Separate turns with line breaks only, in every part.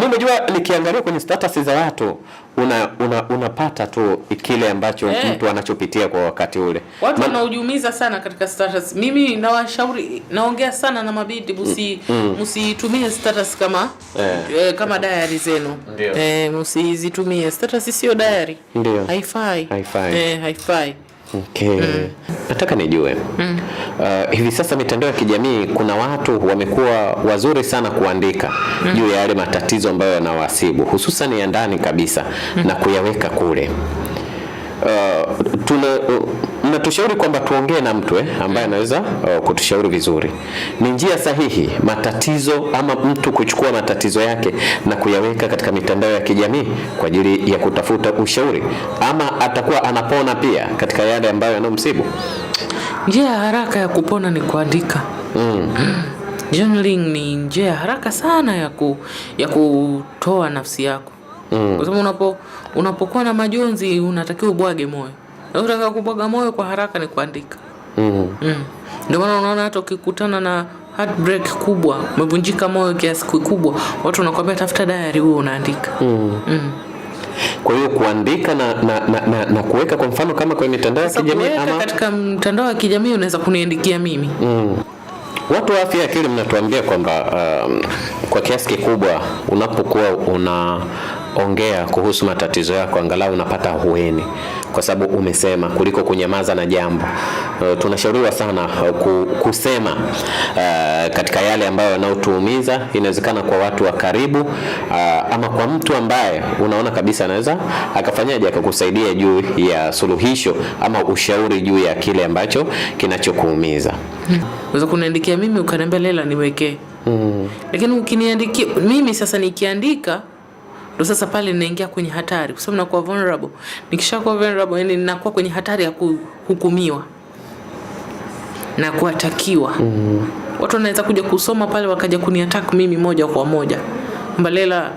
Mimi unajua nikiangalia kwenye status za watu una, una, unapata tu kile ambacho hey, eh. mtu anachopitia kwa wakati ule.
Watu wanaujumiza sana katika status. Mimi nawashauri naongea sana na mabidi msitumie mm, msitumie mm. status kama hey, eh. eh, kama diary zenu. Eh, msizitumie status, sio diary. Ndio. Haifai. Haifai. Eh, haifai.
Okay. Mm. Nataka nijue mm. Uh, hivi sasa mitandao ya kijamii kuna watu wamekuwa wazuri sana kuandika mm. juu ya yale matatizo ambayo yanawasibu hususan ya ndani kabisa mm. na kuyaweka kule. Uh, tuna, uh, mnatushauri kwamba tuongee na mtu eh, ambaye anaweza oh, kutushauri vizuri. Ni njia sahihi matatizo ama mtu kuchukua matatizo yake na kuyaweka katika mitandao ya kijamii kwa ajili ya kutafuta ushauri, ama atakuwa anapona pia katika yale ambayo yanayomsibu?
Njia ya haraka ya kupona ni kuandika mm. Journaling ni njia ya haraka sana ya, ku, ya kutoa nafsi yako mm. Kwa sababu unapo unapokuwa na majonzi unatakiwa ubwage moyo Unataka kubwaga moyo kwa haraka ni kuandika. Mm. Mm. Ndio maana unaona hata ukikutana na heartbreak kubwa, umevunjika moyo kiasi kikubwa, watu wanakuambia tafuta diary wewe unaandika. Mm.
Mm. Kwa hiyo kuandika na, na, na, na, na kuweka kwa mfano kama kwenye mitandao ya kijamii
ama katika mtandao wa kijamii unaweza kuniandikia mimi. Mm.
Watu wa afya akili mnatuambia kwamba um, kwa kiasi kikubwa unapokuwa una ongea kuhusu matatizo yako, angalau unapata hueni, kwa sababu umesema, kuliko kunyamaza na jambo. Uh, tunashauriwa sana uh, kusema uh, katika yale ambayo yanaotuumiza, inawezekana kwa watu wa karibu uh, ama kwa mtu ambaye unaona kabisa anaweza akafanyaje akakusaidia juu ya suluhisho ama ushauri juu ya kile ambacho kinachokuumiza.
Unaweza kuniandikia mimi ukaniambia Lela niwekee. Mm. Lakini ukiniandikia mimi sasa nikiandika ndo sasa pale ninaingia kwenye hatari kwa sababu nakuwa vulnerable. Nikishakuwa vulnerable, yani ninakuwa kwenye hatari ya kuhukumiwa na kuatakiwa. Mm. Mm-hmm. Watu wanaweza kuja kusoma pale wakaja kuniattack mimi moja kwa moja. Mbalela,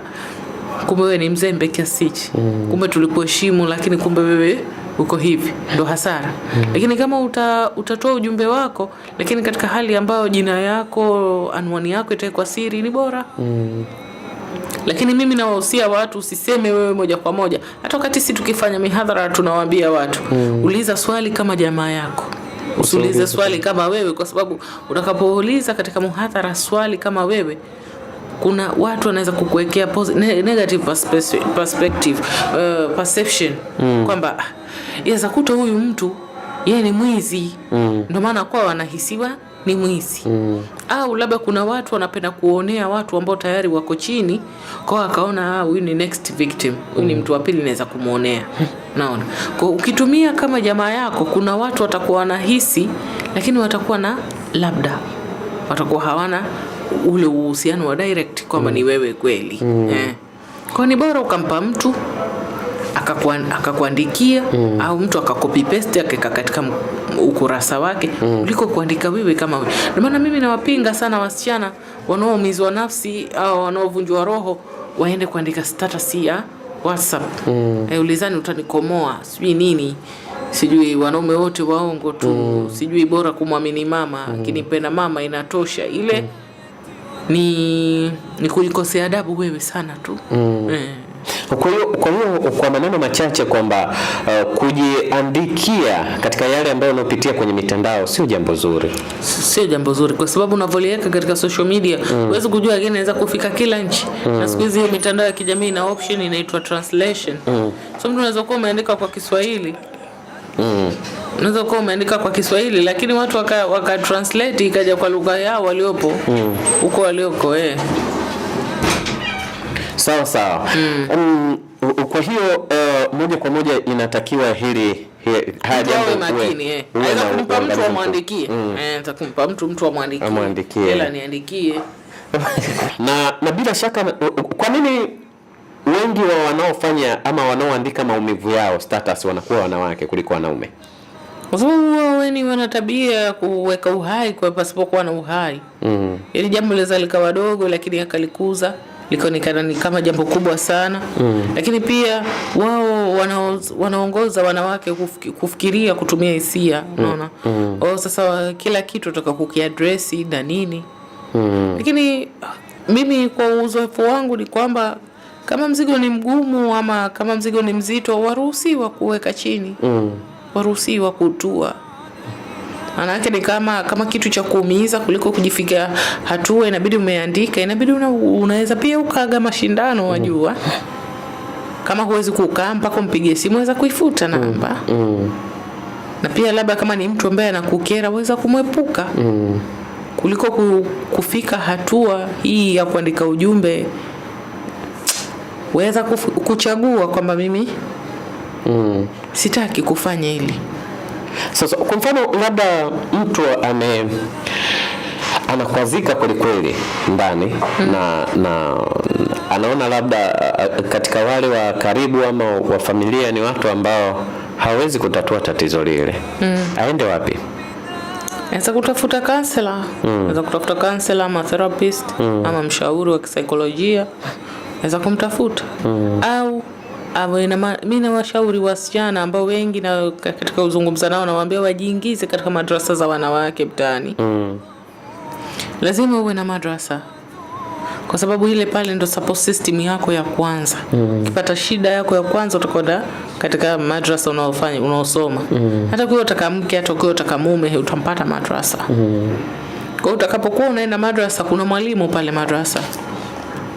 kumbe wewe ni mzembe kiasi hichi. Mm. Mm-hmm. Kumbe tulikuheshimu lakini kumbe wewe uko hivi, ndo hasara. Mm. Lakini kama uta, utatoa ujumbe wako lakini katika hali ambayo jina yako, anwani yako itakuwa siri, ni bora. Mm. Lakini mimi nawahusia watu, usiseme wewe moja kwa moja. Hata wakati sisi tukifanya mihadhara tunawaambia watu mm. uliza swali kama jamaa yako usiulize swali kama wewe, kwa sababu utakapouliza katika muhadhara swali kama wewe, kuna watu wanaweza kukuwekea negative perspective, uh, perception mm. kwamba yaweza ah, kuta huyu mtu yeye ni mwizi mm. ndio maana kwa wanahisiwa ni mwizi mm. Au labda kuna watu wanapenda kuonea watu ambao tayari wako chini kwao, akaona ah, huyu ni next victim, huyu ni mm. mtu wa pili naweza kumwonea naona kwa ukitumia kama jamaa yako, kuna watu watakuwa wanahisi, lakini watakuwa na labda watakuwa hawana ule uhusiano wa direct kwamba mm. ni wewe kweli mm. eh. Kwa ni bora ukampa mtu akakuandikia mm. au mtu akakopi paste akaweka katika ukurasa wake mm. uliko kuandika wewe kama wewe. Ndio maana mimi nawapinga sana wasichana wanaoumizwa nafsi au wanaovunjwa roho waende kuandika status ya WhatsApp mm. E, ulizani utanikomoa sijui nini sijui wanaume wote waongo tu mm. sijui bora kumwamini mama mm. akinipenda mama inatosha ile mm. ni, ni kujikosea adabu wewe sana tu mm.
e. Kwa hiyo kwa hiyo kwa maneno machache kwamba uh, kujiandikia katika yale ambayo unapitia kwenye mitandao sio jambo zuri,
sio jambo zuri kwa sababu unavyoliweka katika social media mm. huwezi mm. kujua gani inaweza kufika kila nchi mm. na siku hizi mitandao ya kijamii ina option inaitwa translation mm. so mtu unaweza kuwa umeandika kwa Kiswahili mm unaweza kuwa umeandika kwa Kiswahili lakini watu waka, waka translate ikaja kwa lugha yao waliopo mm. huko mm. walioko eh
sawa sawa. mm. um, kwa hiyo uh, moja kwa moja inatakiwa hili na na bila shaka, kwa nini wengi wa wanaofanya ama wanaoandika maumivu yao status wanakuwa wanawake kuliko wanaume?
Kwa sababu waweni wana tabia ya kuweka uhai kwa pasipokuwa na uhai. mm. Ili jambo linaweza likawa dogo, lakini akalikuza likaonekana ni kama jambo kubwa sana mm. Lakini pia wao wana, wanaongoza wanawake kufikiria kutumia hisia, mm. unaona mm. mm. Sasa kila kitu toka kukiadresi na nini mm. Lakini mimi kwa uzoefu wangu ni kwamba kama mzigo ni mgumu ama kama mzigo ni mzito, waruhusiwa kuweka chini mm. Waruhusiwa kutua Maanake ni kama kama kitu cha kuumiza kuliko kujifiga hatua, inabidi umeandika, inabidi una, unaweza pia ukaga mashindano mm. wajua mm. Kama huwezi kukaa mpaka umpige simu, weza kuifuta mm, namba mm. Mm. Na pia labda kama ni mtu ambaye anakukera, weza kumwepuka mm. kuliko kufika hatua hii ya kuandika ujumbe, weza kuchagua kwamba mimi mm. sitaki kufanya hili.
Sasa kwa mfano, labda mtu ame anakwazika kwelikweli ndani mm. na, na anaona labda katika wale wa karibu ama wa familia ni watu ambao hawezi kutatua tatizo lile mm. aende wapi?
Anaweza kutafuta kansela mm. anaweza kutafuta kansela ama therapist mm. ama mshauri wa kisaikolojia anaweza kumtafuta mm. au mi nawashauri wasichana ambao wengi na katika kuzungumza nao nawaambia wajiingize katika madrasa za wanawake mtaani. Mm. Lazima uwe na madrasa kwa sababu ile pale ndo support system yako ya kwanza. Mm. Ukipata shida yako ya kwanza utakwenda katika madrasa unaofanya unaosoma. Mm. Hata ukiwa utaka mke, hata ukiwa utaka mume utampata madrasa. Mm. Kwa utakapokuwa unaenda madrasa kuna mwalimu pale madrasa.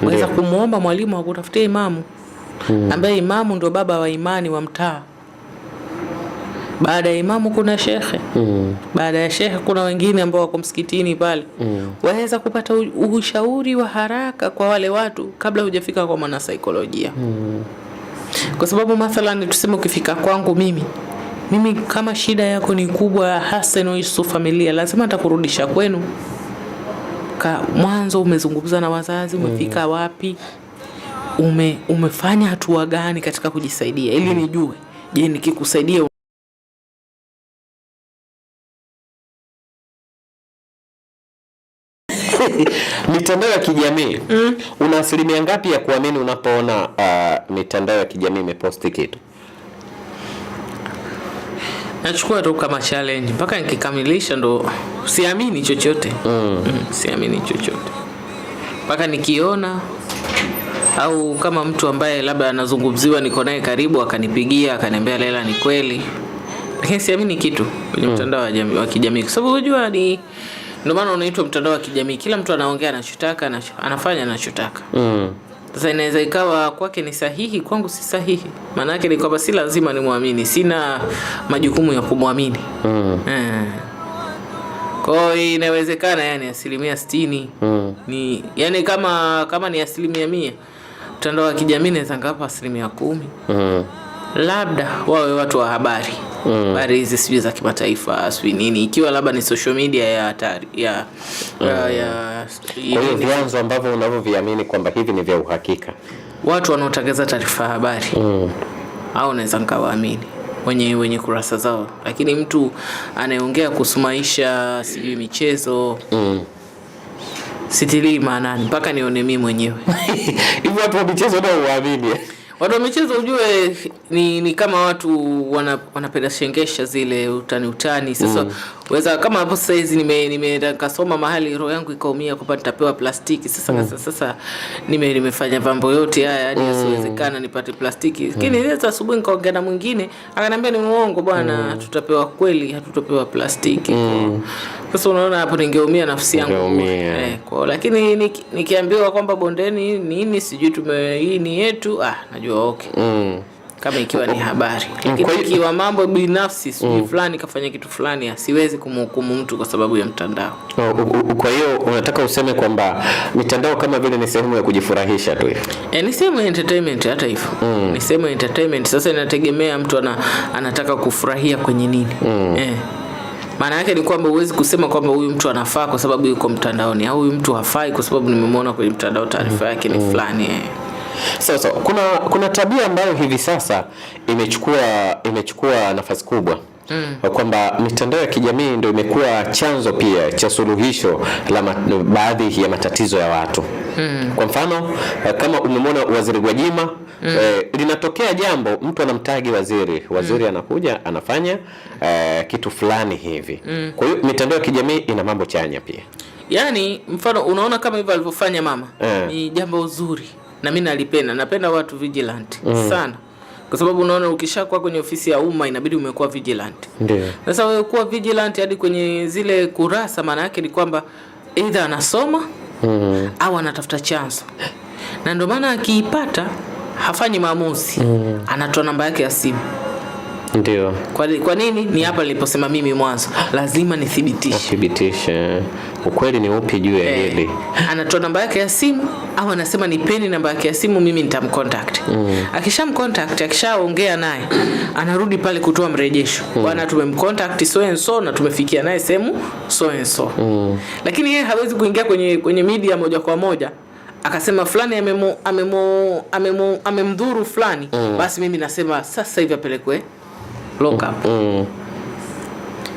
Unaweza kumwomba mwalimu akutafutie imamu hmm. ambaye imamu ndio baba wa imani wa mtaa. Baada ya imamu kuna shekhe hmm. baada ya shekhe kuna wengine ambao wako msikitini pale hmm. waweza kupata ushauri wa haraka kwa wale watu kabla hujafika kwa mwanasaikolojia hmm. kwa sababu mathalan, tuseme ukifika kwangu mimi mimi kama shida yako ni kubwa, hasa inayohusu familia, lazima nitakurudisha kwenu. Ka mwanzo umezungumza na wazazi, umefika hmm. wapi? ume, umefanya hatua gani katika kujisaidia ili mm-hmm. nijue, je, nikikusaidia
mitandao ya kijamii mm. Una asilimia ngapi ya kuamini unapoona uh, mitandao ya kijamii imeposti kitu?
Nachukua tu kama challenge mpaka nikikamilisha, ndo siamini chochote mm. Mm, siamini chochote mpaka nikiona au kama mtu ambaye labda anazungumziwa niko naye karibu akanipigia akaniambia lela ni kweli, lakini siamini kitu kwenye mm. mtandao wa kijamii kwa sababu unajua ni ndio maana unaitwa mtandao wa kijamii, kila mtu anaongea anachotaka, anafanya anachotaka mm. Sasa inaweza ikawa kwake ni sahihi, kwangu si sahihi. Maana yake ni kwamba si lazima nimwamini, sina majukumu ya kumwamini mm. eh. inawezekana yani asilimia sitini mm. ni yani kama kama ni asilimia mia mtandao wa kijamii naweza nikawapa asilimia kumi mm. labda wawe watu wa habari mm. habari mm. hizi sijui za kimataifa sijui nini, ikiwa labda ni social media ya hatari ya, mm. ya,
ya, kwa vyanzo ambavyo unavyoviamini kwamba hivi ni vya uhakika,
watu wanaotangaza taarifa ya habari mm. au naweza nkawaamini wenye wenye kurasa zao, lakini mtu anayeongea kuhusu maisha sijui michezo mm sitilii maanani mpaka nione mimi mwenyewe
hivi watu wa michezo nao uwaamini
watu wa michezo ujue ni, ni kama watu wana, wanapenda shengesha zile utani utani sasa mm weza kama hapo sasa hizi nime, mahali roho yangu ikaumia kwamba nitapewa plastiki sasa mm. Sasa, sasa nime, nimefanya mambo yote haya yani mm. asiwezekana nipate plastiki mm. Lakini asubuhi nikaongea na mwingine akaniambia ni muongo bwana mm. tutapewa kweli hatutopewa plastiki mm. Sasa unaona hapo ningeumia nafsi yangu eh, kwa lakini nikiambiwa kwamba bondeni nini sijui tume hii ni yetu ah, najua okay mm kama ikiwa ni habari, lakini ikiwa mambo binafsi sijui mm. fulani kafanya kitu fulani, asiwezi kumhukumu mtu kwa sababu ya mtandao.
Oh, kwa hiyo unataka useme kwamba mitandao kama vile ni sehemu ya kujifurahisha tu
e, ni sehemu ya entertainment. Hata hivyo mm. ni sehemu ya entertainment. Sasa inategemea mtu ana, anataka kufurahia kwenye nini mm. e. Maana yake ni kwamba huwezi kusema kwamba huyu mtu anafaa kwa sababu yuko mtandaoni au huyu mtu hafai kwa sababu nimemwona kwenye mtandao taarifa yake ni mm. fulani eh.
So, so, kuna, kuna tabia ambayo hivi sasa imechukua, imechukua nafasi kubwa Hmm. Kwamba mitandao ya kijamii ndio imekuwa chanzo pia cha suluhisho la baadhi ya matatizo ya watu. hmm. Kwa mfano eh, kama umemwona Waziri Gwajima hmm. eh, linatokea jambo mtu anamtagi waziri, waziri hmm. anakuja anafanya eh, kitu fulani hivi hmm. Kwa hiyo mitandao ya kijamii ina mambo chanya pia,
yaani mfano unaona kama hivyo alivyofanya mama hmm. Ni jambo zuri na mimi nalipenda, napenda watu vigilant mm. sana kwa sababu unaona ukishakuwa kwenye ofisi ya umma inabidi umekuwa vigilant. Ndio. Sasa wewe kuwa vigilant hadi kwenye zile kurasa, maana yake ni kwamba either anasoma mm. au anatafuta chanzo, na ndio maana akiipata hafanyi maamuzi mm. anatoa namba yake ya simu. Ndio. Kwa, kwa nini? Ni hapa niliposema mimi mwanzo, lazima nithibitishe,
nithibitishe ukweli ni upi juu ya eh, hili
Anatoa namba yake ya simu au anasema nipeni namba yake ya simu, mimi nitamcontact mm. Akishamcontact, akishaongea naye anarudi pale kutoa mrejesho mm. Bwana, tumemcontact so and so na tumefikia naye sehemu so and so mm. Lakini yeye hawezi kuingia kwenye, kwenye media moja kwa moja akasema fulani amemdhuru fulani mm. Basi mimi nasema sasa hivi apelekwe up. mm.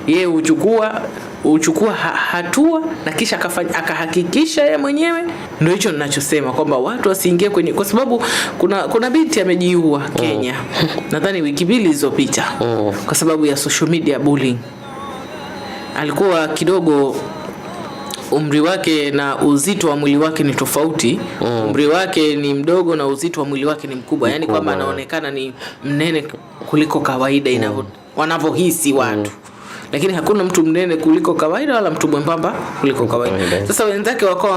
Yeye huchukua huchukua hatua na kisha akahakikisha yeye mwenyewe. Ndio hicho ninachosema kwamba watu wasiingie kwenye, kwa sababu kuna, kuna binti amejiua Kenya mm. nadhani wiki mbili zilizopita mm. kwa sababu ya social media bullying, alikuwa kidogo umri wake na uzito wa mwili wake ni tofauti mm. Umri wake ni mdogo na uzito wa mwili wake ni mkubwa, yani kwamba anaonekana ni mnene kuliko kawaida mm. wanavyohisi watu mm lakini hakuna mtu mnene kuliko kawaida wala mtu mwembamba kuliko kawaida. Sasa wenzake wakawa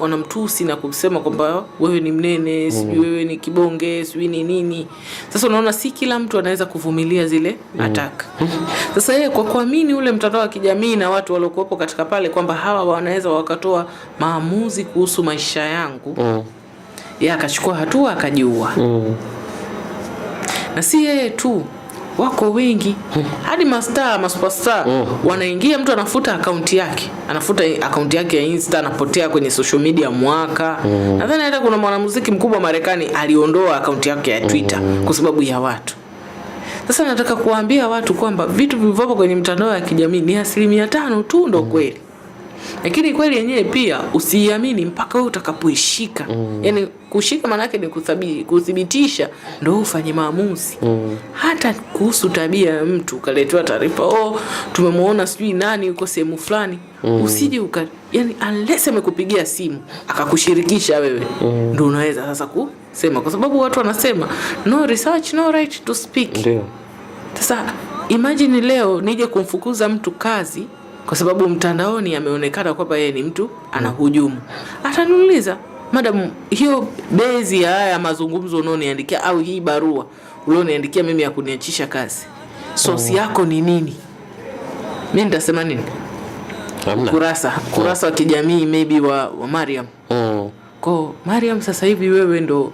wanamtusi na kusema kwamba wewe ni mnene, sijui mm. wewe ni kibonge, sijui ni nini. Sasa unaona, si kila mtu anaweza kuvumilia zile mm. ataka. Sasa yeye kwa kuamini ule mtandao wa kijamii na watu waliokuwepo katika pale kwamba hawa wanaweza wakatoa maamuzi kuhusu maisha yangu mm. Yeye akachukua hatua akajiua mm. Na si yeye tu wako wengi eh. hadi masta masuperstar mm. Oh. wanaingia, mtu anafuta akaunti yake, anafuta akaunti yake ya Insta, anapotea kwenye social media mwaka mm. nadhani hata kuna mwanamuziki mkubwa Marekani aliondoa akaunti yake ya Twitter mm. kwa sababu ya watu. Sasa nataka kuwaambia watu kwamba vitu vilivyopo kwenye mtandao ya kijamii ni asilimia tano tu ndo kweli lakini kweli yenyewe pia usiiamini mpaka wewe utakapoishika. mm. Yani kushika maana yake ni kuthabiti, kuthibitisha, ndio ufanye maamuzi mm. hata kuhusu tabia ya mtu ukaletewa taarifa, oh, tumemwona sijui nani yuko sehemu fulani mm. usije uka, yani unless amekupigia simu akakushirikisha wewe mm. ndio unaweza sasa kusema, kwa sababu watu wanasema no research no right to speak. Ndio sasa imagine leo nije kumfukuza mtu kazi kwa sababu mtandaoni ameonekana kwamba yeye ni mtu anahujumu, ataniuliza madam, hiyo bezi ya haya mazungumzo unaoniandikia au hii barua ulioniandikia mimi ya kuniachisha kazi, sosi oh, yako ni nini? Mi nitasema nini? Amna. Kurasa oh. kurasa wa kijamii maybe wa, wa Mariam oh. Ko Mariam, sasa hivi wewe ndo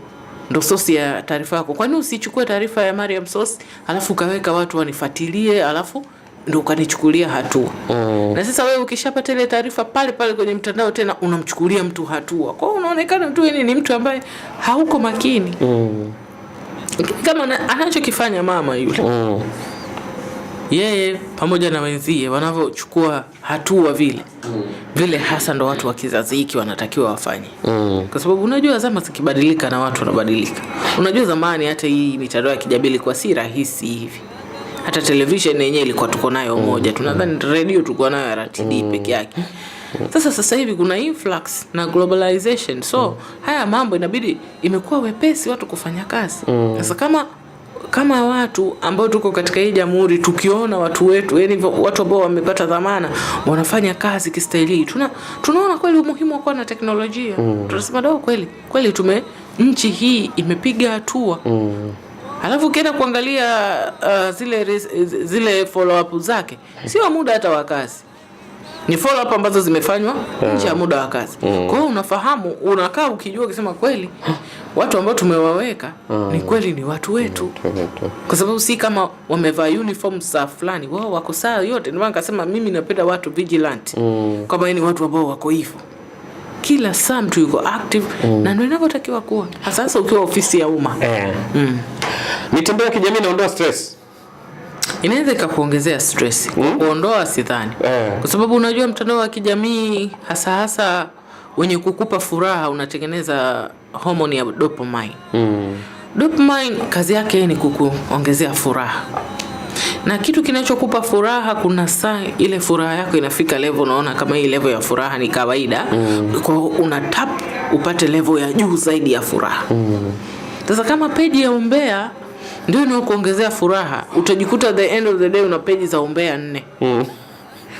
ndo sosi ya taarifa yako. Kwani usichukue taarifa ya Mariam sosi alafu ukaweka watu wanifuatilie alafu ndo ukanichukulia hatua mm. Na sasa wewe ukishapata ile taarifa pale pale kwenye mtandao tena unamchukulia mtu hatua, kwa hiyo unaonekana tu ni mtu ambaye hauko makini mm. Kama anachokifanya mama yule mm. Yeye pamoja na wenzie wanavyochukua hatua vile mm. vile hasa ndo watu wa kizazi hiki wanatakiwa wafanye mm. kwa sababu unajua zama zikibadilika na watu wanabadilika. Unajua zamani hata hii mitandao ya kijamii ilikuwa si rahisi hivi hata televisheni yenyewe ilikuwa tuko nayo mm. moja, tunadhani mm. redio tulikuwa nayo RTD mm. peke yake. Sasa sasa hivi kuna influx na globalization, so haya mambo inabidi imekuwa wepesi watu kufanya kazi. Sasa kama kama watu ambao tuko katika hii jamhuri tukiona watu wetu, yani watu ambao wamepata dhamana wanafanya kazi kistahili, tuna tunaona kweli umuhimu wa kuwa na teknolojia mm. Tunasema do kweli kweli tume nchi hii imepiga hatua mm. Alafu ukienda kuangalia uh, zile zile follow up zake sio muda hata wa kazi, ni follow up ambazo zimefanywa mm. nje ya muda wa kazi mm. Kwa hiyo unafahamu, unakaa ukijua ukisema kweli watu ambao tumewaweka mm. ni kweli ni watu wetu mm. kwa sababu si kama wamevaa uniform saa fulani, wao wako saa yote. Ndio maana nikasema mimi napenda watu vigilant mm. kwamba ni watu ambao wako hivyo kila saa mtu yuko active mm. na ndio inavyotakiwa kuwa, hasa ukiwa ofisi ya umma eh.
mm. Mitandao ya kijamii inaondoa stress
inaweza ikakuongezea stress mm. Kuondoa sidhani eh. Kwa sababu unajua mtandao wa kijamii hasa hasa wenye kukupa furaha unatengeneza homoni ya dopamine mm. Dopamine kazi yake ni kukuongezea furaha na kitu kinachokupa furaha, kuna saa ile furaha yako inafika level, unaona kama hii level ya furaha ni kawaida mm. Kwa una tap upate level ya juu zaidi ya furaha mm. sasa mm. Kama peji ya umbea ndio inayokuongezea furaha, utajikuta the end of the day una peji za umbea nne mm.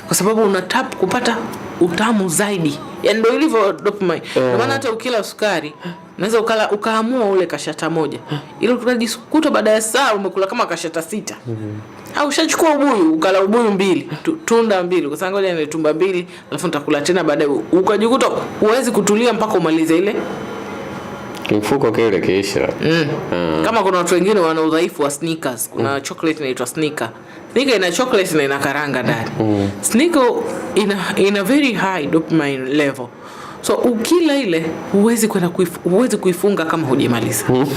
Kwa sababu una tap kupata utamu zaidi yani ndio ilivyo dopamine. Ndio eh. maana hata ukila sukari unaweza ukala ukaamua ule kashata moja, ili utajikuta baada ya saa umekula kama kashata sita. mm -hmm. Au ushachukua ubuyu ukala ubuyu mbili tu, tunda mbili, kwa sababu ngoja tumba mbili alafu nitakula tena baadaye, ukajikuta huwezi kutulia mpaka umalize ile
mfuko kile kiisha. mm.
Ah. Kama kuna watu wengine wana udhaifu wa sneakers, kuna mm. chocolate inaitwa sneaker Snika ina chocolate na ina karanga ndani. Mm. Snika ina, ina very high dopamine level. So ukila ile huwezi kwenda huwezi kuifunga kama hujamaliza. Mm.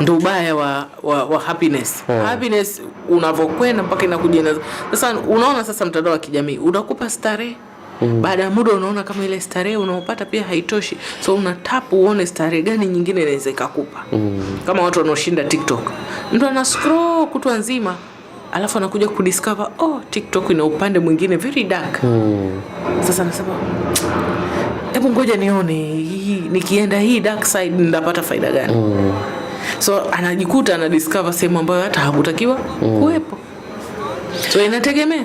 Ndo ubaya wa, wa, wa happiness. Yeah. Mm. Happiness unavyokwenda mpaka inakuja. Sasa unaona, sasa mtandao wa kijamii unakupa starehe mm. Baada ya muda unaona kama ile starehe unaopata pia haitoshi, so unatapu uone starehe gani nyingine inaweza ikakupa mm. Kama watu wanaoshinda TikTok, mtu ana scroll kutwa nzima alafu anakuja kudiscover oh, TikTok ina upande mwingine very dark mm. Sasa nasema hebu ngoja nione hii, nikienda hii dark side ndapata faida gani mm. So anajikuta anadiscover sehemu ambayo hata hakutakiwa mm. kuwepo, so inategemea